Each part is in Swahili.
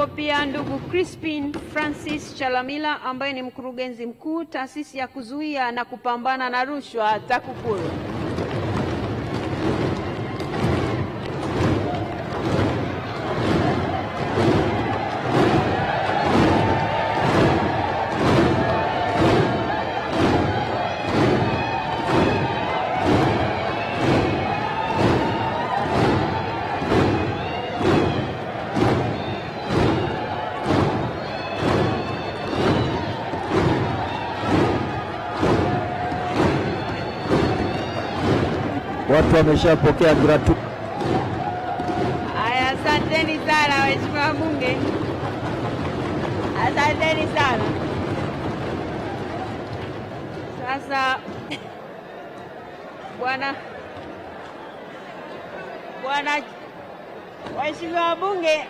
yupo pia ndugu Crispin Francis Chalamila ambaye ni mkurugenzi mkuu taasisi ya kuzuia na kupambana na rushwa TAKUKURU. watu wameshapokea gratu. Aya, asanteni sana waheshimiwa wabunge, asanteni sana. Sasa bwana bwana, waheshimiwa wabunge,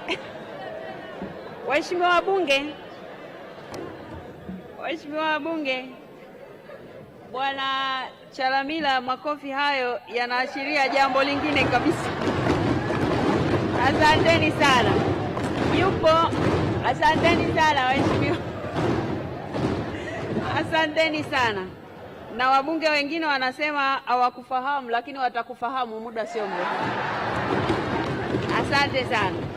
waheshimiwa wabunge, waheshimiwa wabunge Bwana Chalamila, makofi hayo yanaashiria jambo lingine kabisa. Asanteni sana. Yupo, asanteni sana waheshimiwa, asanteni sana na wabunge wengine wanasema hawakufahamu, lakini watakufahamu muda sio mrefu. Asante sana.